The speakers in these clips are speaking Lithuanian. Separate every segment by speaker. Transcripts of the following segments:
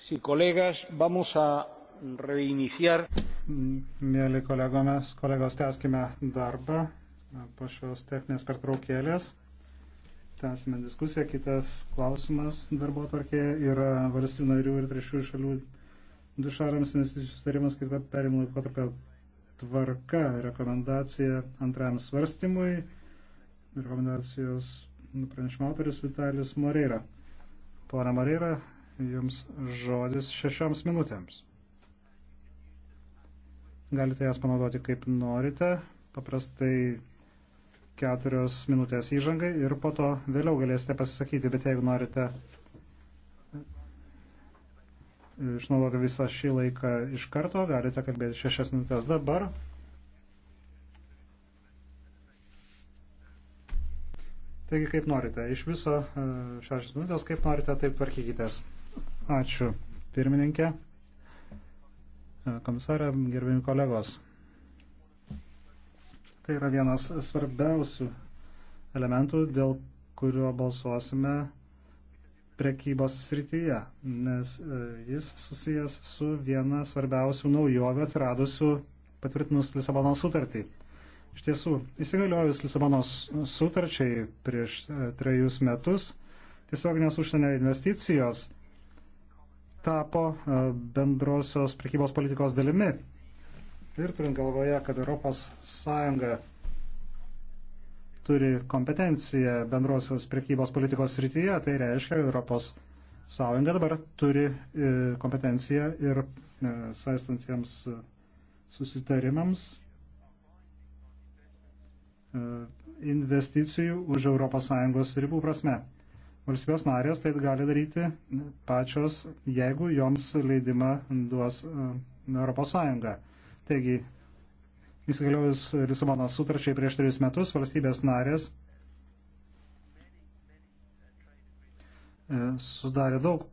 Speaker 1: Sí, kolegas, vamos a reiniciar. Mėly kolegomis, kolegos, tęskime darbą po šios techninės pertraukėlės. Tęsime diskusiją. Kitas klausimas darbo tvarkėje yra valstybių narių ir trečiųjų šalių dušarams investicijų sutarimas skirta perimų laikotarpio tvarka rekomendacija antrajam svarstymui. Rekomendacijos pranešimo autoris Vitalijus Moreira. Pone Moreira, jums žodis šešioms minutėms. Galite jas panaudoti kaip norite, paprastai keturios minutės įžangai ir po to vėliau galėsite pasisakyti, bet jeigu norite išnaudoti visą šį laiką iš karto, galite kalbėti šešias minutės dabar. Taigi kaip norite, iš viso e, šešias minutės, kaip norite, taip tvarkykitės. Ačiū, pirmininkė. E, komisarė, gerbėjim kolegos. Tai yra vienas svarbiausių elementų, dėl kurio balsuosime prekybos srityje, nes e, jis susijęs su viena svarbiausių naujovių atsiradusių patvirtinus Lisabono sutartį. Iš tiesų, įsigaliojus Lisabonos sutarčiai prieš e, trejus metus, tiesioginės užsienio investicijos tapo e, bendrosios prekybos politikos dalimi. Ir turint galvoje, kad ES turi kompetenciją bendrosios prekybos politikos srityje, tai reiškia, kad ES dabar turi e, kompetenciją ir e, saistantiems susitarimams investicijų už ES ribų prasme. Valstybės narės tai gali daryti pačios, jeigu joms leidimą duos ES. Taigi, įsigaliojus Lisabono sutarčiai prieš tris metus, valstybės narės e, sudarė daug e,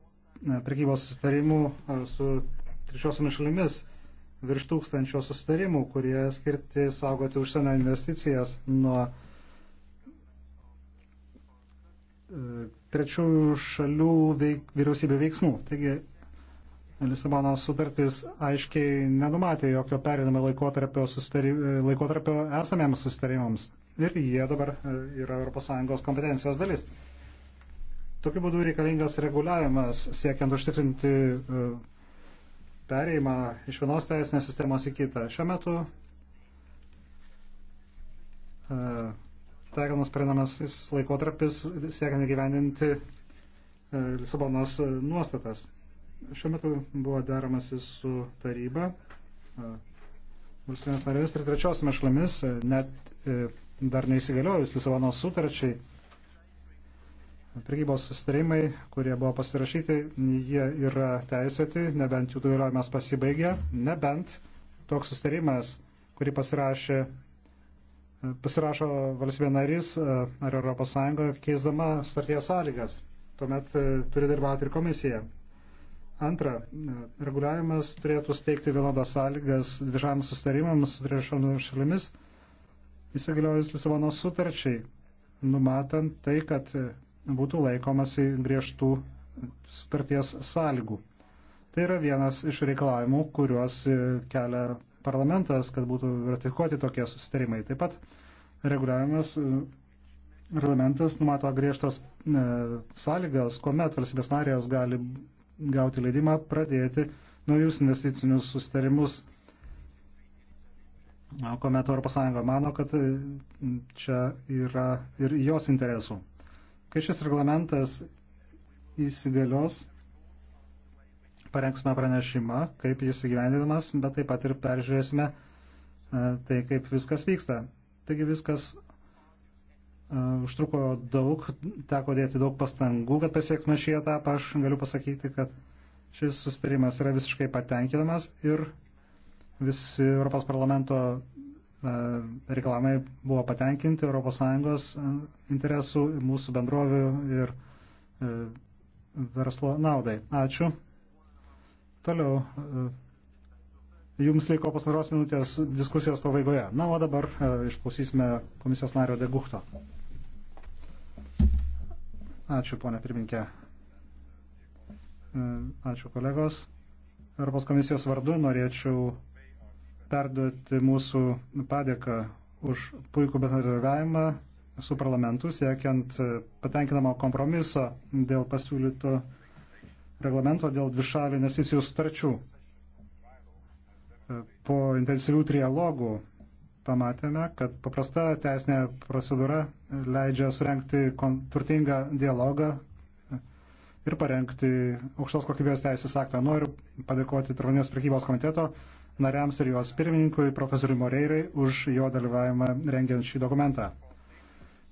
Speaker 1: prekybos susitarimų e, su trečiosiomis šalimis virš tūkstančio susitarimų, kurie skirti saugoti užsienio investicijas nuo E, trečiųjų šalių veik, vyriausybių veiksmų. Taigi Lisabonos sutartis aiškiai nenumatė jokio perinamo laikotarpio, sustary, e, laikotarpio esamiems sustarimams. Ir jie dabar e, yra ES kompetencijos dalis. Tokiu būdu reikalingas reguliavimas siekiant užtikrinti perėjimą iš vienos teisinės sistemos į kitą. Šiuo metu taikomas prenamasis laikotarpis siekiant įgyvendinti e, Lisabonos e, nuostatas. Šiuo metu buvo deramasi su taryba, e, valstybės narėmis ir trečiosiomis šalimis, net dar neįsigaliojus Lisabonos sutarčiai. Prekybos sustarimai, kurie buvo pasirašyti, jie yra teisėti, nebent jų galiojimas pasibaigė, nebent toks sustarimas, kurį pasirašė pasirašo valstybė narys e, ar ES keisdama starties sąlygas. Tuomet e, turi dalyvauti ir komisija. Antra, e, reguliavimas turėtų steigti vienodas sąlygas dvišaliams sustarimams su trečiomis šalimis, įsigaliojus Lisabono sutarčiai, numatant tai, kad būtų laikomasi griežtų sutarties sąlygų. Tai yra vienas iš reikalavimų, kuriuos kelia parlamentas, kad būtų ratifikuoti tokie susitarimai. Taip pat reguliavimas e, reglamentas numato griežtas e, sąlygas, kuomet valstybės narės gali gauti leidimą pradėti naujus investicinius sustarimus, kuomet ES mano, kad e, čia yra ir jos interesų. Kai šis reglamentas įsigalios, parengsime pranešimą, kaip jis įgyvendinamas, bet taip pat ir peržiūrėsime e, tai, kaip viskas vyksta. Taigi viskas e, užtruko daug, teko dėti daug pastangų, kad pasiektume šį etapą. Aš galiu pasakyti, kad šis sustarimas yra visiškai patenkinamas ir visi Europos parlamento e, reikalavimai buvo patenkinti ES interesų, mūsų bendrovių ir verslo naudai. Ačiū. Toliau, e, jums liko pasaros minutės diskusijos pabaigoje. Na, o dabar e, išklausysime komisijos nario Degukto. Ačiū, ponė pirminkė. E, ačiū, kolegos. Europos komisijos vardu norėčiau perduoti mūsų padėką už puikų bendradarbiavimą su parlamentu, siekiant patenkinamo kompromiso dėl pasiūlyto reglamento dėl dvišalių investicijų sutarčių. Po intensyvių trialogų pamatėme, kad paprasta teisinė procedūra leidžia surenkti turtingą dialogą ir parengti aukštos kokybės teisės aktą. Noriu padėkoti Tarvanijos prekybos komiteto nariams ir jos pirmininkui, profesoriui Moreirai, už jo dalyvavimą rengiant šį dokumentą.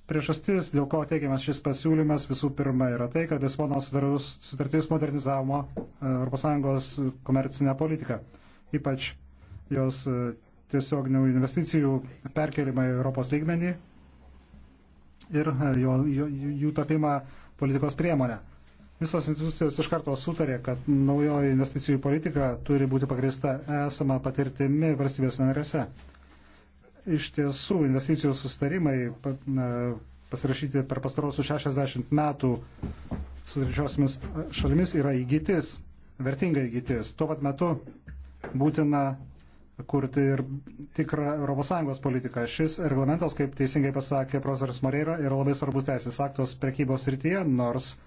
Speaker 1: Priežastis, dėl ko teikiamas šis pasiūlymas, visų pirma, yra tai, kad Lisbono sutartis modernizavo e, ES komercinę politiką, ypač jos e, tiesioginių investicijų perkelimą į Europos lygmenį ir e, jo, jo, jų tapimą politikos priemonę. Visos institucijos iš karto sutarė, kad naujoji investicijų politika turi būti pagrįsta esama patirtimi valstybės narėse iš tiesų investicijų sustarimai pasirašyti per pastarosius 60 metų su trečiosiomis šalimis yra įgytis, vertinga įgytis. Tuo pat metu būtina kurti ir tikrą ES politiką. Šis reglamentas, kaip teisingai pasakė profesorius Moreira, yra labai svarbus teisės aktos prekybos rytyje, nors,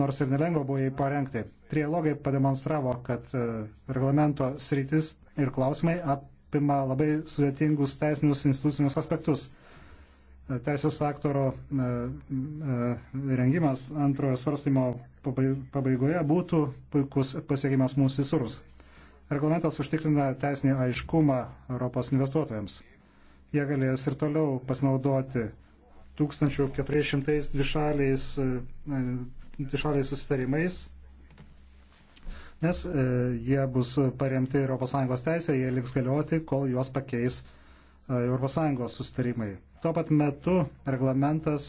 Speaker 1: nors ir nelengva buvo jį parengti. Trialogai pademonstravo, kad e, reglamento sritis ir klausimai ap, apima labai sudėtingus teisinius institucinius aspektus. Teisės aktoro e, e, rengimas antrojo svarstymo pabaigoje būtų puikus pasiekimas mūsų visurus. Reglamentas užtikrina teisinį aiškumą Europos investuotojams. Jie galės ir toliau pasinaudoti 1400 dvišaliais, e, dvišaliais susitarimais nes e, jie bus paremti ES teisė, jie liks galioti, kol juos pakeis ES sustarimai. Tuo pat metu reglamentas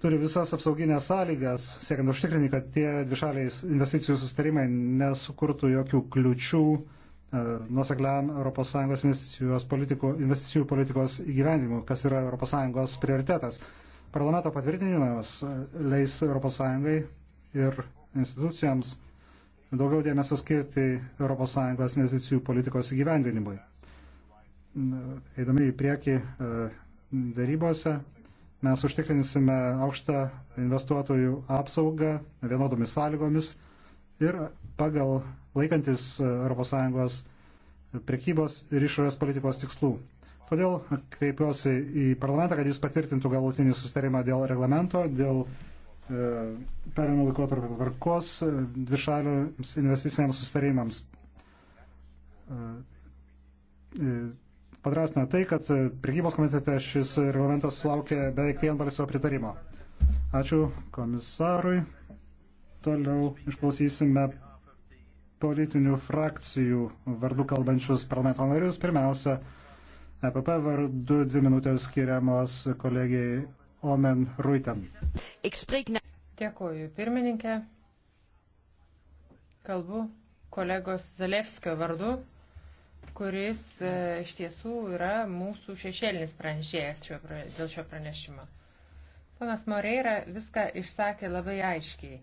Speaker 1: turi visas apsauginės sąlygas, siekiant užtikrinti, kad tie dvišaliai investicijų sustarimai nesukurtų jokių kliučių e, nuosekliam ES investicijų, politikų, investicijų politikos įgyvendinimu, kas yra ES prioritetas. Parlamento patvirtinimas leis ES ir institucijams daugiau dėmesio skirti ES investicijų politikos įgyvendinimui. Eidami į priekį e, darybose mes užtikrinsime aukštą investuotojų apsaugą vienodomis sąlygomis ir pagal laikantis e, ES prekybos ir išorės politikos tikslų. Todėl kreipiuosi į parlamentą, kad jis patvirtintų galutinį sustarimą dėl reglamento, dėl E, perėmė laikotarpio tvarkos e, dvišaliams investiciniams sustarimams. E, Padrasina tai, kad prekybos komitete šis reglamentas sulaukė beveik vienbalsio pritarimo. Ačiū komisarui. Toliau išklausysime politinių frakcijų vardų kalbančius parlamento narius. Pirmiausia, EPP vardu dvi minutės skiriamos kolegijai Omen Ruiten.
Speaker 2: Dėkuoju, pirmininkė. Kalbu kolegos Zalevskio vardu, kuris e, iš tiesų yra mūsų šešėlinis pranešėjas šio, dėl šio pranešimo. Ponas Moreira viską išsakė labai aiškiai.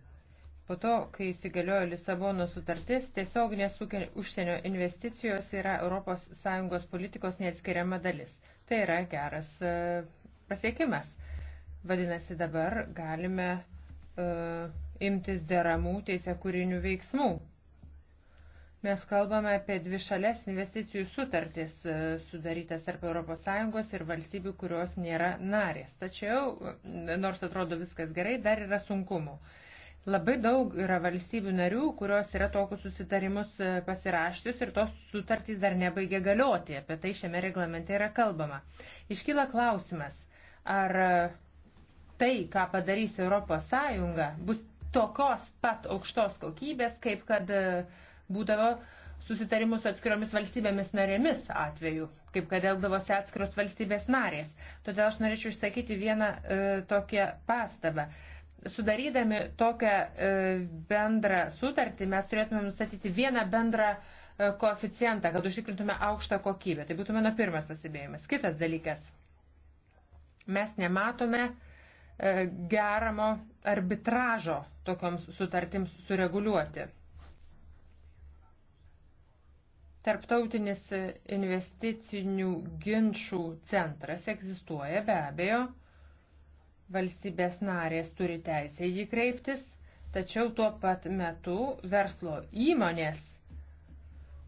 Speaker 2: Po to, kai įsigaliojo Lisabono sutartis, tiesioginės užsienio investicijos yra ES politikos neatskiriama dalis. Tai yra geras e, pasiekimas. Vadinasi, dabar galime uh, imtis deramų teisėkūrinių veiksmų. Mes kalbame apie dvi šalės investicijų sutartis e, sudarytas tarp ES ir valstybių, kurios nėra narės. Tačiau, e, nors atrodo viskas gerai, dar yra sunkumų. Labai daug yra valstybių narių, kurios yra tokius susitarimus pasiraštus ir tos sutartys dar nebaigia galioti. Apie tai šiame reglamente yra kalbama. Iškyla klausimas, ar tai, ką padarys Europos Sąjunga, bus tokios pat aukštos kokybės, kaip kad e, būdavo susitarimus su atskiromis valstybėmis narėmis atveju, kaip kad elgdavosi atskiros valstybės narės. Todėl aš norėčiau išsakyti vieną e, tokią pastabą. Sudarydami tokią e, bendrą sutartį, mes turėtume nustatyti vieną bendrą e, koeficientą, kad užtikrintume aukštą kokybę. Tai būtų mano pirmas pasibėjimas. Kitas dalykas. Mes nematome e, E, geramo arbitražo tokioms sutartims sureguliuoti. Tarptautinis investicinių ginčių centras egzistuoja be abejo, valstybės narės turi teisę jį kreiptis, tačiau tuo pat metu verslo įmonės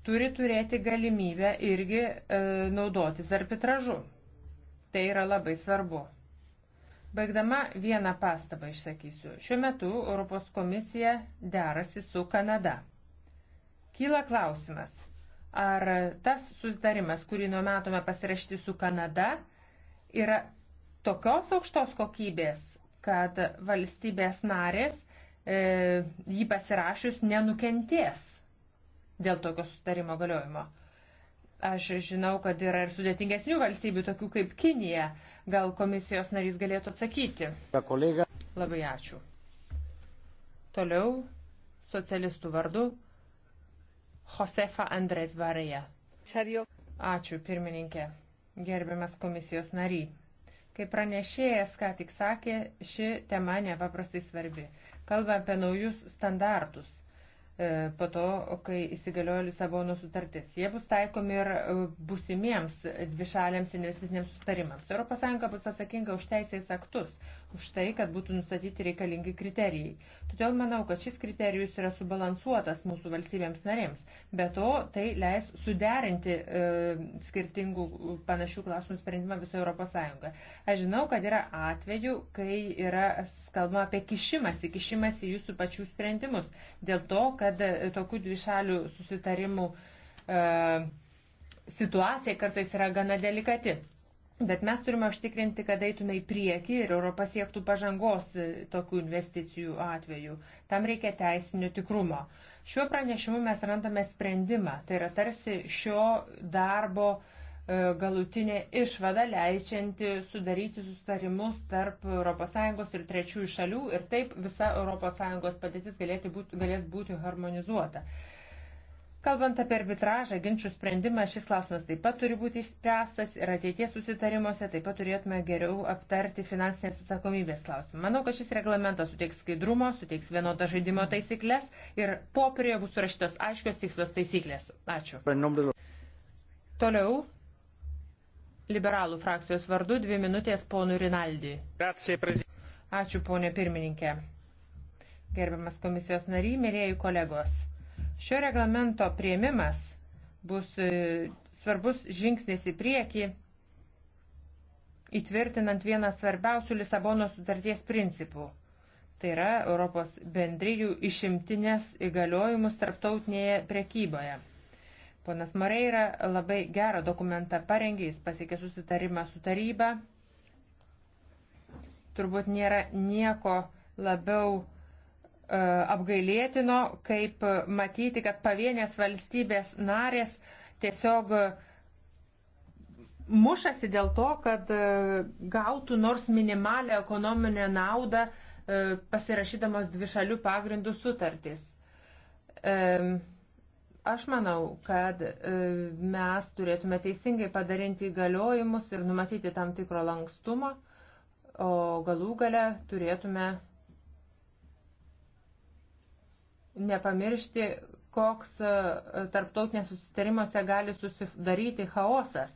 Speaker 2: turi turėti galimybę irgi e, naudotis arbitražu. Tai yra labai svarbu. Baigdama vieną pastabą išsakysiu. Šiuo metu Europos komisija derasi su Kanada. Kyla klausimas, ar tas susitarimas, kurį numatome pasirašyti su Kanada, yra tokios aukštos kokybės, kad valstybės narės e, jį pasirašius nenukentės dėl tokio susitarimo galiojimo. Aš žinau, kad yra ir sudėtingesnių valstybių, tokių kaip Kinija. Gal komisijos narys galėtų atsakyti? Kolega. Labai ačiū. Toliau socialistų vardu Josefa Andres Barėja. Ačiū, pirmininkė. Gerbiamas komisijos nary. Kaip pranešėjas ką tik sakė, ši tema nepaprastai svarbi. Kalba apie naujus standartus E, po to, kai įsigaliojo Lisabono sutartis. Jie bus taikomi ir e, busimiems dvišaliams investiciniams sustarimams. ES bus atsakinga už teisės aktus, už tai, kad būtų nustatyti reikalingi kriterijai. Todėl manau, kad šis kriterijus yra subalansuotas mūsų valstybėms narėms. Be to, tai leis suderinti e, skirtingų panašių klausimų sprendimą visoje Europos Sąjungoje. Aš žinau, kad yra atvejų, kai yra kalbama apie kišimąsi, kišimąsi jūsų pačių sprendimus. Dėl to, kad e, tokių dvišalių susitarimų e, situacija kartais yra gana delikati. Bet mes turime užtikrinti, kad eitume į priekį ir Europa siektų pažangos e, tokių investicijų atveju. Tam reikia teisinio tikrumo. Šiuo pranešimu mes randame sprendimą. Tai yra tarsi šio darbo e, galutinė išvada leidžianti sudaryti sustarimus tarp ES ir trečiųjų šalių ir taip visa ES padėtis būti, galės būti harmonizuota. Kalbant apie arbitražą, ginčių sprendimą, šis klausimas taip pat turi būti išspręstas ir ateities susitarimuose taip pat turėtume geriau aptarti finansinės atsakomybės klausimą. Manau, kad šis reglamentas suteiks skaidrumo, suteiks vienodą žaidimo taisyklės ir po prie bus surašytos aiškios tikslios taisyklės. Ačiū. Toliau. Liberalų frakcijos vardu dvi minutės ponui Rinaldi. Ačiū, ponė pirmininkė. Gerbiamas komisijos nary, mėlyjeji kolegos. Šio reglamento prieimimas bus e, svarbus žingsnis į priekį, įtvirtinant vieną svarbiausių Lisabono sutarties principų. Tai yra Europos bendrijų išimtinės įgaliojimus tarptautinėje prekyboje. Ponas Moreira labai gerą dokumentą parengė, jis pasiekė susitarimą su taryba. Turbūt nėra nieko labiau E, apgailėtino, kaip matyti, kad pavienės valstybės narės tiesiog mušasi dėl to, kad e, gautų nors minimalę ekonominę naudą e, pasirašydamos dvišalių pagrindų sutartys. Aš manau, kad mes turėtume teisingai padarinti įgaliojimus ir numatyti tam tikro lankstumo, o galų gale turėtume nepamiršti, koks e, tarptautinės susitarimuose gali susidaryti chaosas.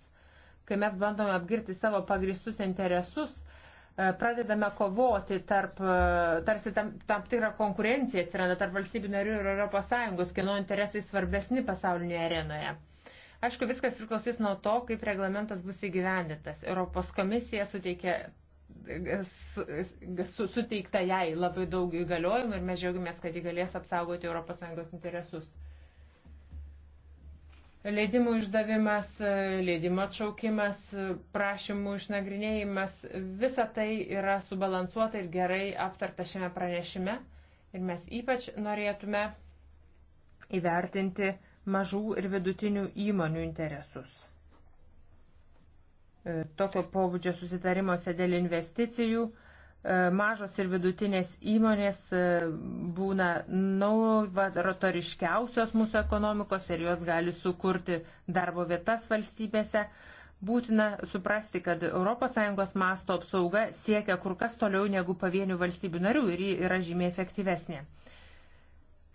Speaker 2: Kai mes bandome apgirti savo pagristus interesus, e, pradedame kovoti tarp, e, tarsi tam, tam tikrą konkurenciją atsiranda tarp valstybių narių ir ES, kieno interesai svarbesni pasaulinėje arenoje. Aišku, viskas priklausys nuo to, kaip reglamentas bus įgyvendintas. Europos komisija suteikė su, suteikta jai labai daug įgaliojimų ir mes džiaugiamės, kad ji galės apsaugoti ES interesus. Leidimų išdavimas, leidimo atšaukimas, prašymų išnagrinėjimas - visa tai yra subalansuota ir gerai aptarta šiame pranešime. Ir mes ypač norėtume įvertinti mažų ir vidutinių įmonių interesus. E, tokio pobūdžio susitarimuose dėl investicijų e, mažos ir vidutinės įmonės e, būna novatoriškiausios mūsų ekonomikos ir jos gali sukurti darbo vietas valstybėse. Būtina suprasti, kad ES masto apsauga siekia kur kas toliau negu pavienių valstybių narių ir ji yra žymiai efektyvesnė.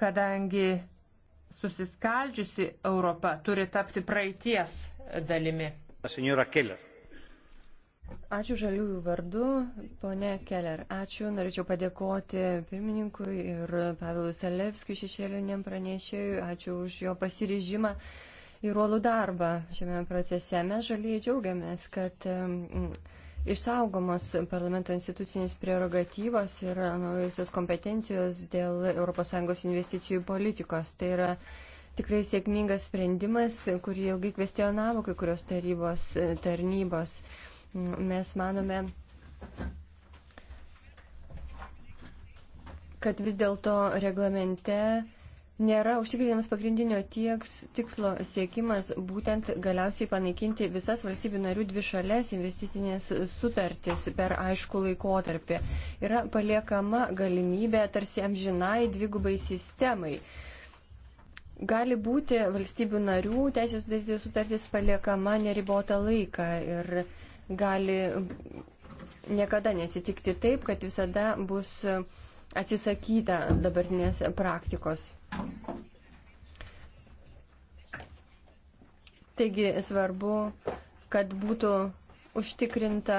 Speaker 2: Kadangi susiskaldžiusi Europa turi tapti praeities dalimi.
Speaker 1: Senora Keller.
Speaker 3: Ačiū žaliųjų vardu, ponė Keller. Ačiū, norėčiau padėkoti pirmininkui ir Pavilui Salevskijui šešėliniam pranešėjui. Ačiū už jo pasiryžimą ir uolų darbą šiame procese. Mes žaliai džiaugiamės, kad išsaugomos parlamento institucinės prerogatyvos ir naujusios kompetencijos dėl ES investicijų politikos. Tai yra tikrai sėkmingas sprendimas, kurį ilgai kvestionavo kai kurios tarybos e, tarnybos. Mes manome, kad vis dėlto reglamente nėra užtikrinamas pagrindinio tieks, tikslo siekimas būtent galiausiai panaikinti visas valstybių narių dvi šalės investicinės sutartis per aišku laikotarpį. Yra paliekama galimybė tarsi amžinai dvigubai sistemai. Gali būti valstybių narių teisės sudaryti sutartis paliekama neribotą laiką ir gali niekada nesitikti taip, kad visada bus atsisakyta dabartinės praktikos. Taigi svarbu, kad būtų užtikrinta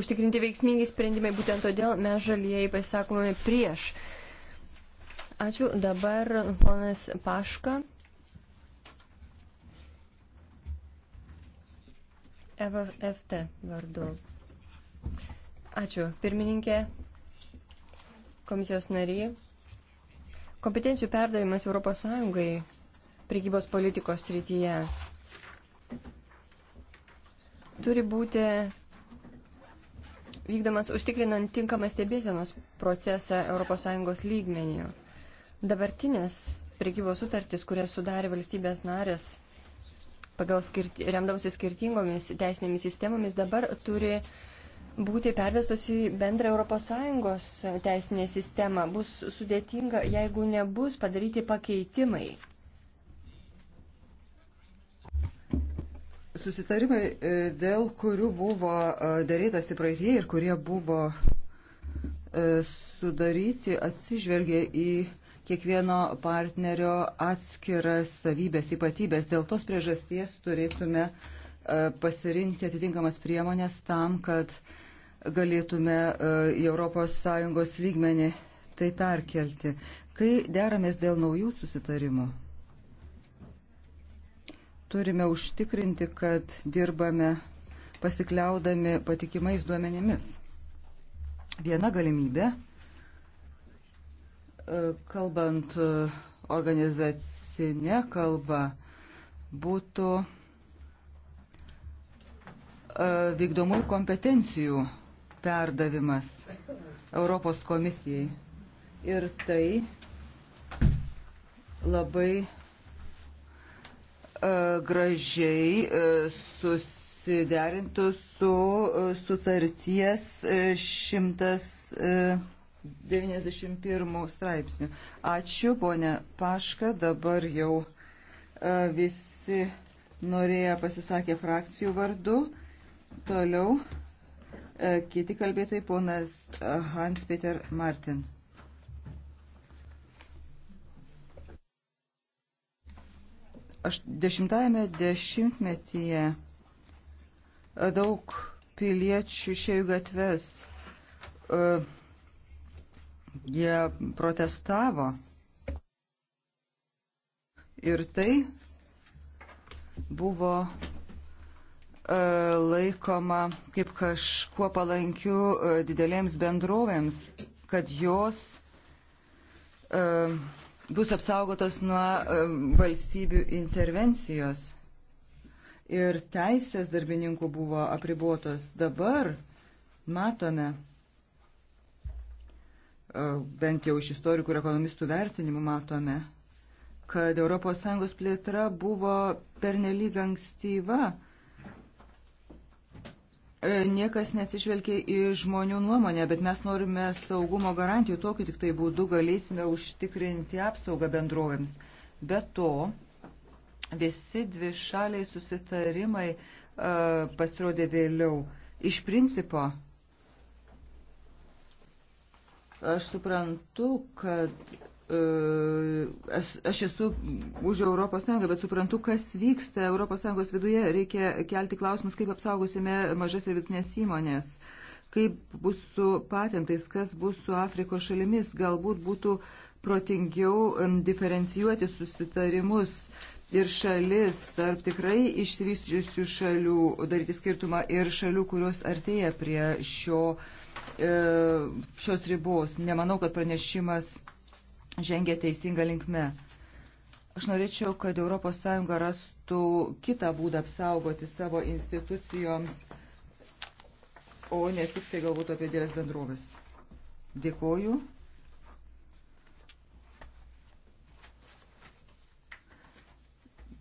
Speaker 3: užtikrinti veiksmingi sprendimai. Būtent todėl mes žalieji pasisakome prieš uh, Ačiū. Dabar ponas Paška. FT vardu. Ačiū. Pirmininkė, komisijos nariai. Kompetencijų perdavimas ES prekybos politikos srityje turi būti vykdomas užtikrinant tinkamą stebėsenos procesą ES lygmenių. Dabartinės priekybos sutartys, kurias sudarė valstybės narės pagal skirti, remdamasi skirtingomis teisinėmis sistemomis, dabar turi būti pervesos į bendrą ES teisinę sistemą. Bus sudėtinga, jeigu nebus padaryti pakeitimai.
Speaker 4: Susitarimai, e, dėl kurių buvo e, darytasi praeitie ir kurie buvo e, sudaryti, atsižvelgia į kiekvieno partnerio atskiras savybės, ypatybės. Dėl tos priežasties turėtume e, pasirinkti atitinkamas priemonės tam, kad galėtume e, į ES lygmenį tai perkelti. Kai deramės dėl naujų susitarimų, turime užtikrinti, kad dirbame pasikliaudami patikimais duomenimis. Viena galimybė kalbant e, organizacinė kalba, būtų e, vykdomųjų kompetencijų perdavimas Europos komisijai. Ir tai labai e, gražiai susiderintų su sutarties šimtas. 100 91 straipsnių. Ačiū, ponė Paška, dabar jau e, visi norėję pasisakė frakcijų vardu. Toliau e, kiti kalbėtojai, ponas e, Hans-Peter Martin. Aš dešimtajame dešimtmetyje daug piliečių išėjo gatves. Uh, Jie protestavo. Ir tai buvo e, laikoma kaip kažkuo palankiu e, didelėms bendrovėms, kad jos e, bus apsaugotas nuo valstybių intervencijos. Ir teisės darbininkų buvo apribuotos. Dabar matome, E, bent jau iš istorikų ir ekonomistų vertinimų matome, kad ES plėtra buvo pernelyg ankstyva. E, niekas neatsižvelgia į žmonių nuomonę, bet mes norime saugumo garantijų, tokiu tik tai būdu galėsime užtikrinti apsaugą bendrovėms. Be to, visi dvi šaliai susitarimai uh, pasirodė vėliau. Iš principo, uh, Aš suprantu, kad aš, e, aš esu už Europos Sąjungą, bet suprantu, kas vyksta Europos Sąjungos viduje. Reikia kelti klausimus, kaip apsaugosime mažas ir vidutinės įmonės, kaip bus su patentais, kas bus su Afrikos šalimis. Galbūt būtų protingiau diferencijuoti susitarimus ir šalis tarp tikrai išsivysčiusių šalių, daryti skirtumą ir šalių, kurios artėja prie šio uh, E, šios ribos. Nemanau, kad pranešimas žengia teisinga linkme. Aš norėčiau, kad ES rastų kitą būdą apsaugoti savo institucijoms, o ne tik tai galbūt apie dėlės bendrovės. Dėkoju.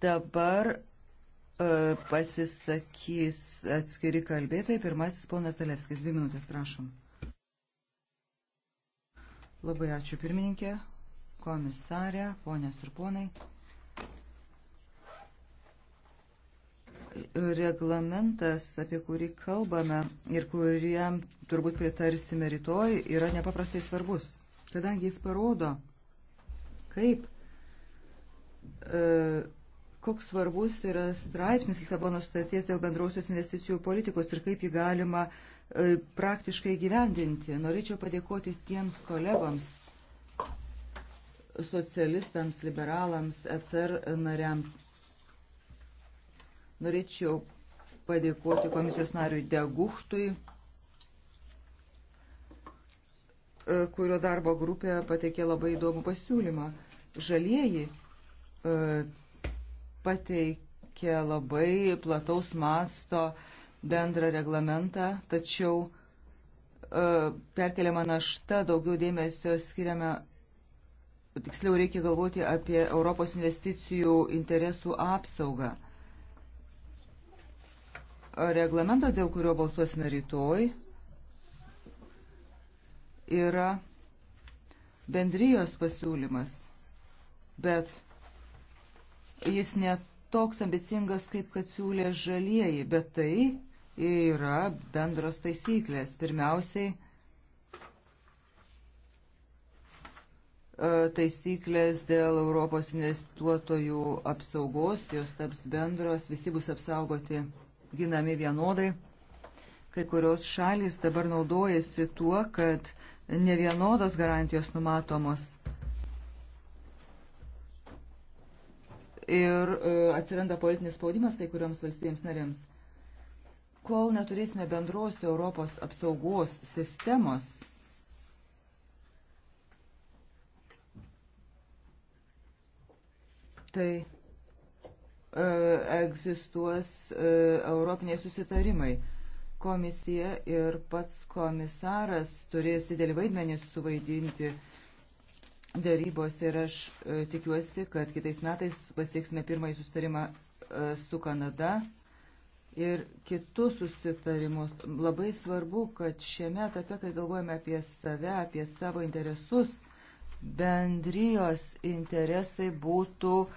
Speaker 4: Dabar E, pasisakys atskiri kalbėtojai. Pirmasis ponas Alevskis, dvi minutės, prašom. Labai ačiū pirmininkė, komisarė, ponės ir ponai. reglamentas, apie kurį kalbame ir kuriam turbūt pritarsime rytoj, yra nepaprastai svarbus, kadangi jis parodo, kaip e, koks svarbus yra straipsnis Lisabono sutarties dėl bendrausios investicijų politikos ir kaip jį galima e, praktiškai gyvendinti. Norėčiau padėkoti tiems kolegoms, socialistams, liberalams, ECR nariams. Norėčiau padėkoti komisijos nariui Deguhtui, e, kurio darbo grupė pateikė labai įdomų pasiūlymą. Žalieji e, pateikė labai plataus masto bendrą reglamentą, tačiau e, perkeliama našta, daugiau dėmesio skiriame, tiksliau reikia galvoti apie Europos investicijų interesų apsaugą. Reglamentas, dėl kurio balsuosime rytoj, yra bendrijos pasiūlymas, bet jis netoks ambicingas, kaip kad siūlė žalieji, bet tai yra bendros taisyklės. Pirmiausiai, e, taisyklės dėl Europos investuotojų apsaugos, jos taps bendros, visi bus apsaugoti ginami vienodai. Kai kurios šalis dabar naudojasi tuo, kad ne vienodos garantijos numatomos. ir e, atsiranda politinis spaudimas kai kurioms valstybėms narėms. Kol neturėsime bendros Europos apsaugos sistemos, tai e, egzistuos e, europiniai susitarimai. Komisija ir pats komisaras turės didelį vaidmenį suvaidinti e, dėrybos ir aš e, tikiuosi, kad kitais metais pasieksime pirmąjį sustarimą e, su Kanada ir kitus susitarimus. Labai svarbu, kad šiame etape, kai galvojame apie save, apie savo interesus, bendrijos interesai būtų e,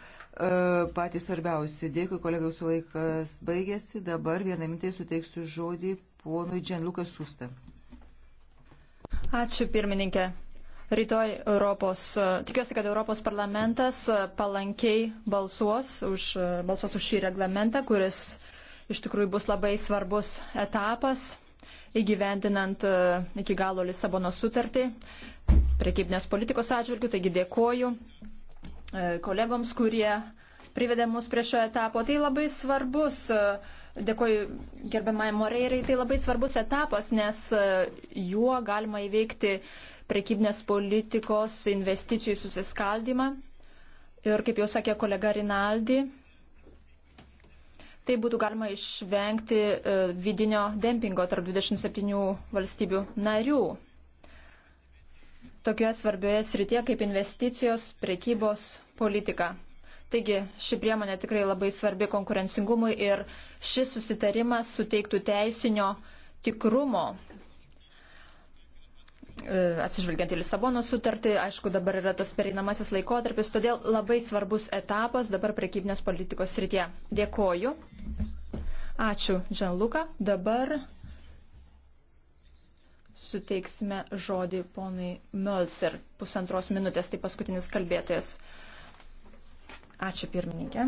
Speaker 4: patys svarbiausi. Dėkui, kolegai, jūsų laikas baigėsi. Dabar vieną mintai suteiksiu žodį ponui Džianlukas Sustą.
Speaker 5: Ačiū, pirmininkė. Rytoj Europos, tikiuosi, kad Europos parlamentas palankiai balsuos už, balsuos už šį reglamentą, kuris iš tikrųjų bus labai svarbus etapas įgyvendinant e, iki galo Lisabono sutartį prekybinės politikos atžvilgių. Taigi dėkoju e, kolegoms, kurie privedė mus prie šio etapo. Tai labai svarbus, e, dėkoju gerbiamai Moreirai, tai labai svarbus etapas, nes juo galima įveikti prekybinės politikos investicijų susiskaldimą. Ir kaip jau sakė kolega Rinaldi, tai būtų galima išvengti e, vidinio dempingo tarp 27 valstybių narių. Tokioje svarbioje srityje kaip investicijos, prekybos politika. Taigi ši priemonė tikrai labai svarbi konkurencingumui ir šis susitarimas suteiktų teisinio tikrumo E, atsižvelgiant į Lisabono sutartį, aišku, dabar yra tas pereinamasis laikotarpis, todėl labai svarbus etapas dabar prekybinės politikos srityje. Dėkoju. Ačiū, Džanluka. Dabar suteiksime žodį ponui Mölzer. Pusantros minutės, tai paskutinis kalbėtojas. Ačiū, pirmininkė.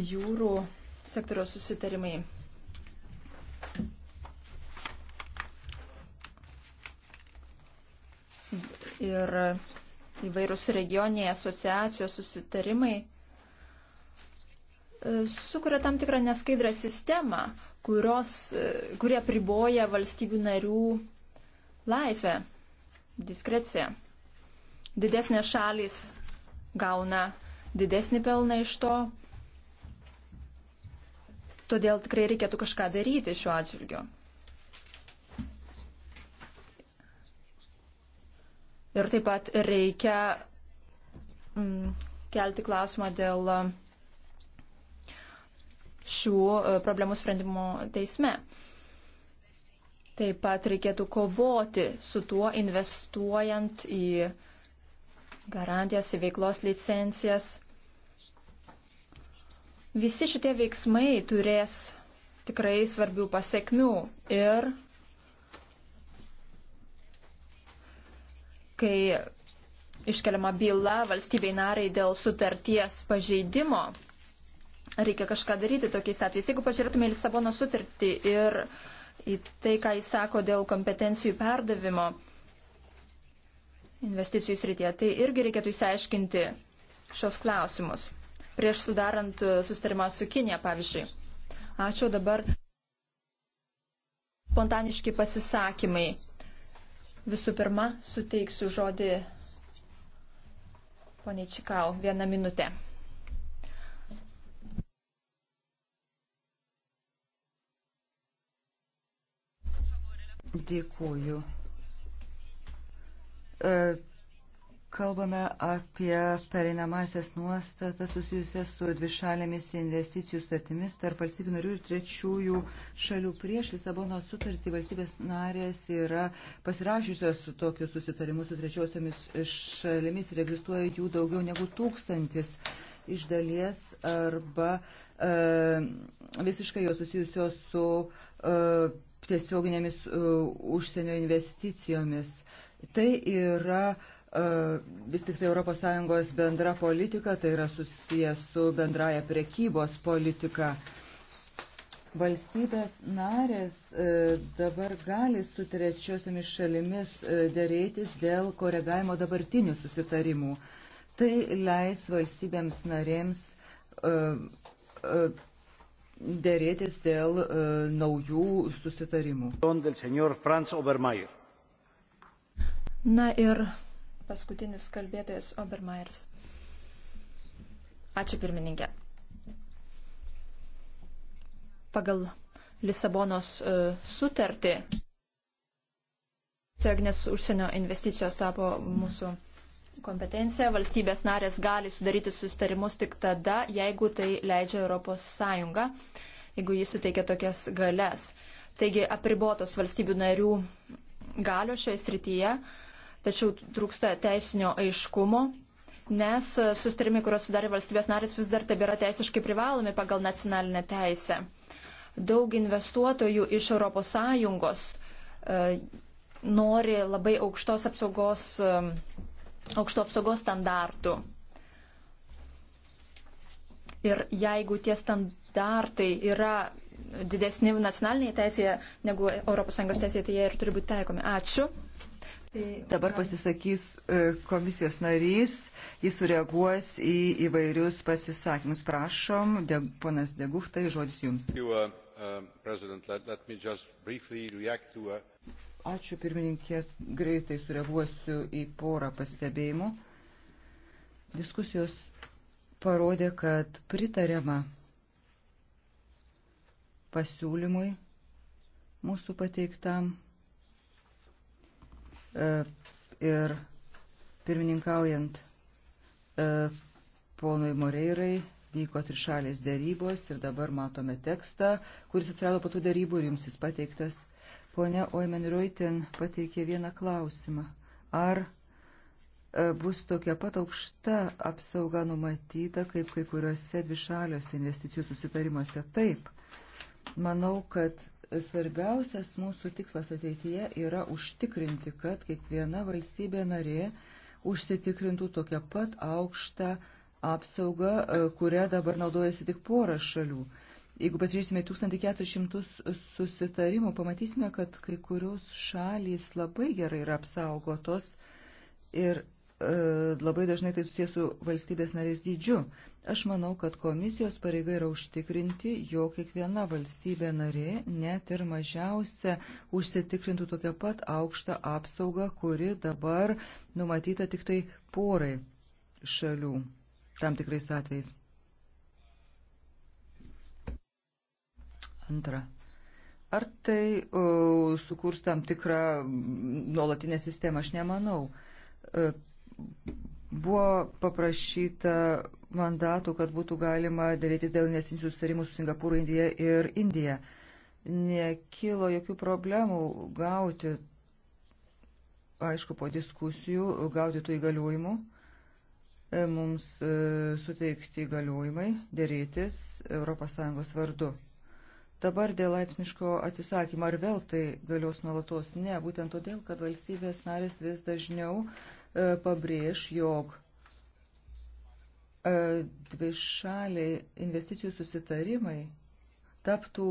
Speaker 5: Jūrų sektoriaus susitarimai. Ir įvairūs regioniai asociacijos susitarimai e, sukuria tam tikrą neskaidrą sistemą, kurios, e, kurie priboja valstybių narių laisvę, diskreciją. Didesnės šalis gauna didesnį pelną iš to, Todėl tikrai reikėtų kažką daryti šiuo atžvilgiu. Ir taip pat reikia mm, kelti klausimą dėl mm, šių e, problemų sprendimo teisme. Taip pat reikėtų kovoti su tuo, investuojant į garantijas, į veiklos licencijas. Visi šitie veiksmai turės tikrai svarbių pasiekmių ir kai iškeliama byla valstybei nariai dėl sutarties pažeidimo, reikia kažką daryti tokiais atvejais. Jeigu pažiūrėtume į Lisabono sutartį ir į tai, ką jis sako dėl kompetencijų perdavimo investicijų srityje, tai irgi reikėtų įsiaiškinti šios klausimus prieš sudarant e, sustarimą su Kinė, pavyzdžiui. Ačiū dabar. Spontaniški pasisakymai. Visų pirma, suteiksiu žodį poniai Čikau. Vieną minutę.
Speaker 4: Dėkuoju. E kalbame apie pereinamasias nuostatas susijusias su dvišalėmis investicijų sutartimis tarp valstybių narių ir trečiųjų šalių. Prieš Lisabono sutartį valstybės narės yra pasirašysios su tokiu susitarimu su trečiosiomis šalimis ir egzistuoja jų daugiau negu tūkstantis iš dalies arba e, visiškai jos susijusios su e, tiesioginėmis e, užsienio investicijomis. Tai yra e, E, vis tik tai ES bendra politika, tai yra susijęs su bendraja prekybos politika. Valstybės narės e, dabar gali su trečiosiomis šalimis e, dėrėtis dėl koregavimo dabartinių susitarimų. Tai leis valstybėms narėms dėrėtis dėl naujų susitarimų.
Speaker 5: Na ir paskutinis kalbėtojas Obermeiras. Ačiū pirmininkė. Pagal Lisabonos e, sutartį tiesioginės užsienio investicijos tapo mūsų kompetencija. Valstybės narės gali sudaryti susitarimus tik tada, jeigu tai leidžia Europos Sąjunga, jeigu jis suteikia tokias galės. Taigi apribotos valstybių narių galio šioje srityje uh, tačiau trūksta teisinio aiškumo, nes sustarimai, kuriuos sudarė valstybės narės, vis dar tebėra teisiškai privalomi pagal nacionalinę teisę. Daug investuotojų iš ES e, nori labai aukštos apsaugos, e, aukšto apsaugos standartų. Ir jeigu tie standartai yra didesni nacionalinėje teisėje negu ES teisėje, tai jie ir turi būti taikomi. Ačiū. Tai Dabar
Speaker 4: pasisakys e, komisijos narys, jis sureaguos į įvairius pasisakymus. Prašom, de, ponas Deguhtai, žodis jums.
Speaker 1: Uh, uh, uh,
Speaker 4: Ačiū pirmininkė, greitai sureaguosiu į porą pastebėjimų. Diskusijos parodė, kad pritariama pasiūlymui mūsų pateiktam E, ir pirmininkaujant e, ponui Moreirai vyko trišalės dėrybos ir dabar matome tekstą, kuris atsirado po tų dėrybų ir jums jis pateiktas. Pone Oimen Reutin pateikė vieną klausimą. Ar e, bus tokia pat aukšta apsauga numatyta, kaip kai kuriuose dvišaliuose investicijų susitarimuose. Taip, manau, kad svarbiausias mūsų tikslas ateityje yra užtikrinti, kad kiekviena valstybė narė užsitikrintų tokią pat aukštą apsaugą, e, kurią dabar naudojasi tik pora šalių. Jeigu patrysime 1400 susitarimų, pamatysime, kad kai kurios šalys labai gerai yra apsaugotos ir E, labai dažnai tai susijęs su valstybės narės dydžiu. Aš manau, kad komisijos pareiga yra užtikrinti, jog kiekviena valstybė narė net ir mažiausia užsitikrintų tokią pat aukštą apsaugą, kuri dabar numatyta tik tai porai šalių tam tikrais atvejais. Antra. Ar tai o, sukurs tam tikrą nuolatinę sistemą? Aš nemanau e, Buvo paprašyta mandatų, kad būtų galima darytis dėl nesinių sustarimų su Singapūru, Indija ir Indija. Nekilo jokių problemų gauti, aišku, po diskusijų, gauti tų įgaliojimų. E, mums e, suteikti įgaliojimai dėrėtis ES vardu. Dabar dėl laipsniško atsisakymo, ar vėl tai galios nuolatos? Ne, būtent todėl, kad valstybės narės vis dažniau uh, E, pabrėž, jog e, dvišaliai investicijų susitarimai taptų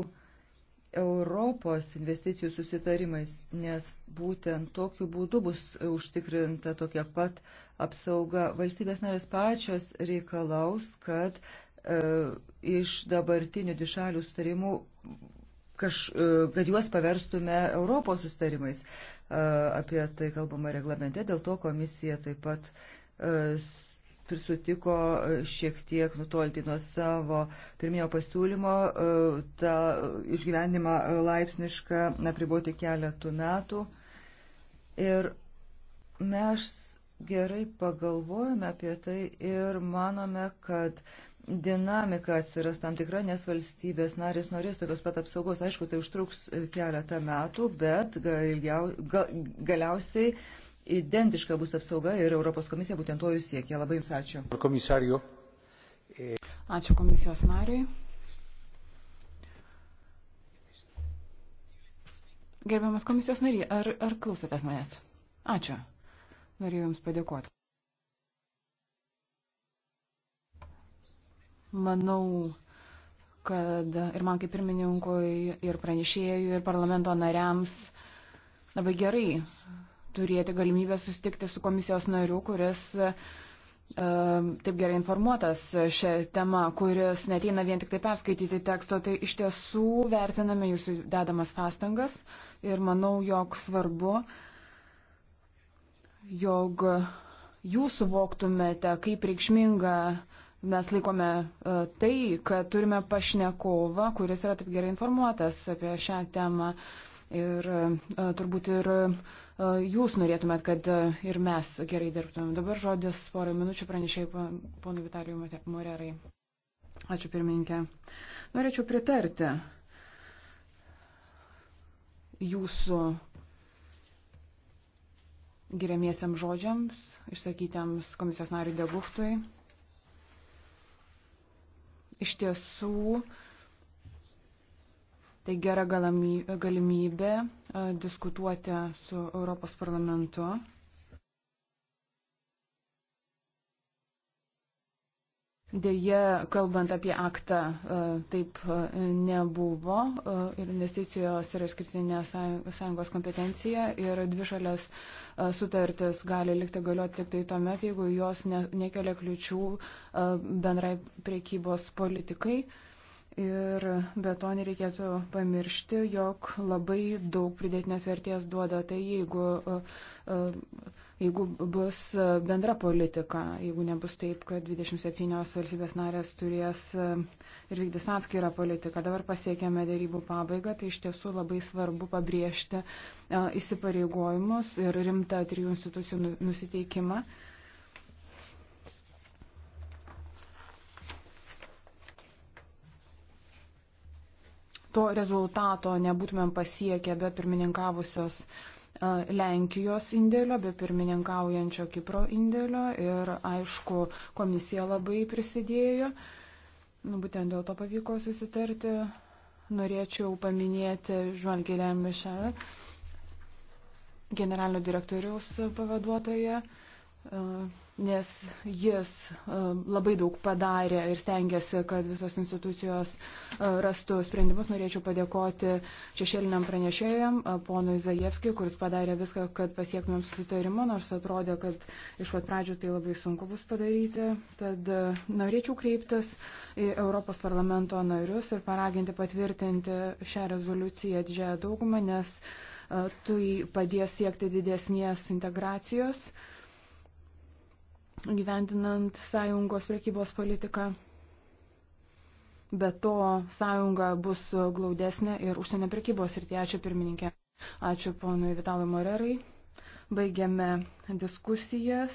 Speaker 4: Europos investicijų susitarimais, nes būtent tokiu būdu bus užtikrinta tokia pat apsauga. Valstybės narės pačios reikalaus, kad e, iš dabartinių dišalių sutarimų, kaž, e, kad juos paverstume Europos sustarimais. E, apie tai kalbama reglamente, dėl to komisija taip pat e, prisutiko šiek tiek nutolti nuo savo pirminio pasiūlymo, e, tą išgyvenimą laipsnišką apriboti keletų metų. Ir mes gerai pagalvojame apie tai ir manome, kad dinamika atsiras tam tikra, nes valstybės narės norės tokios pat apsaugos. Aišku, tai užtruks keletą metų, bet galiau, gal, galiausiai identiška bus apsauga ir Europos komisija būtent to jūs siekia. Labai jums ačiū.
Speaker 1: Komisario. E,
Speaker 6: ačiū komisijos nariui. Gerbiamas komisijos nariai, ar, ar klausotės manęs? Ačiū. Norėjau Jums padėkoti. manau, kad ir man kaip pirmininkui, ir pranešėjui, ir parlamento nariams labai gerai turėti galimybę susitikti su komisijos nariu, kuris e, taip gerai informuotas šią temą, kuris neteina vien tik tai perskaityti teksto, tai iš tiesų vertiname jūsų dedamas pastangas ir manau, jog svarbu, jog jūs suvoktumėte, kaip reikšminga mes laikome e, tai, kad turime pašnekovą, kuris yra taip gerai informuotas apie šią temą. Ir e, turbūt ir e, jūs norėtumėt, kad ir mes gerai dirbtumėm. Dabar žodis porą minučių pranešėjai ponui Vitalijui Morerai. Ačiū pirmininkė. Norėčiau pritarti jūsų giriamiesiam žodžiams, išsakytiems komisijos nariui Deguchtui. Iš tiesų, tai gera galimybė diskutuoti su Europos parlamentu Deja, kalbant apie aktą, e, taip e, nebuvo e, ir investicijos yra išskirtinė sąjungos kompetencija ir dvišalės sutartis gali likti galioti tik tai tuomet, jeigu jos nekelia kliučių bendrai priekybos politikai. Ir be to nereikėtų pamiršti, jog labai daug pridėtinės vertės duoda tai, jeigu uh, uh, jeigu bus bendra politika, jeigu nebus taip, kad 27 valstybės narės turės e, ir vykdys atskirą politiką. Dabar pasiekėme dėrybų pabaigą, tai iš tiesų labai svarbu pabrėžti e, įsipareigojimus ir rimtą trijų institucijų nu, nusiteikimą. To rezultato nebūtumėm pasiekę be pirmininkavusios uh, Lenkijos indėlio, be pirmininkaujančio Kipro indėlio ir aišku, komisija labai prisidėjo. Nu, būtent dėl to pavyko susitarti. Norėčiau paminėti Žvalgėlę Mišelę, generalinio direktoriaus pavaduotoje. Uh, E, nes jis e, labai daug padarė ir stengiasi, kad visos institucijos e, rastų sprendimus. Norėčiau padėkoti šešėliniam pranešėjam, ponui Zajevskijui, kuris padarė viską, kad pasiektumėm susitarimą, nors atrodė, kad iš pat pradžių tai labai sunku bus padaryti. Tad norėčiau kreiptis į Europos parlamento narius ir paraginti patvirtinti šią rezoliuciją didžiąją daugumą, nes tai padės siekti didesnės integracijos gyvendinant sąjungos priekybos politiką. Be to, sąjunga bus glaudesnė ir užsienio priekybos ir tie ačiū pirmininkė. Ačiū ponui Vitalui Morerai. Baigiame diskusijas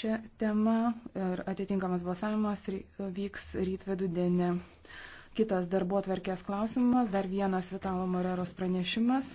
Speaker 6: šią temą ir atitinkamas balsavimas vyks ryt vidudienį. Kitas darbo atverkės klausimas, dar vienas Vitalo Moreros pranešimas.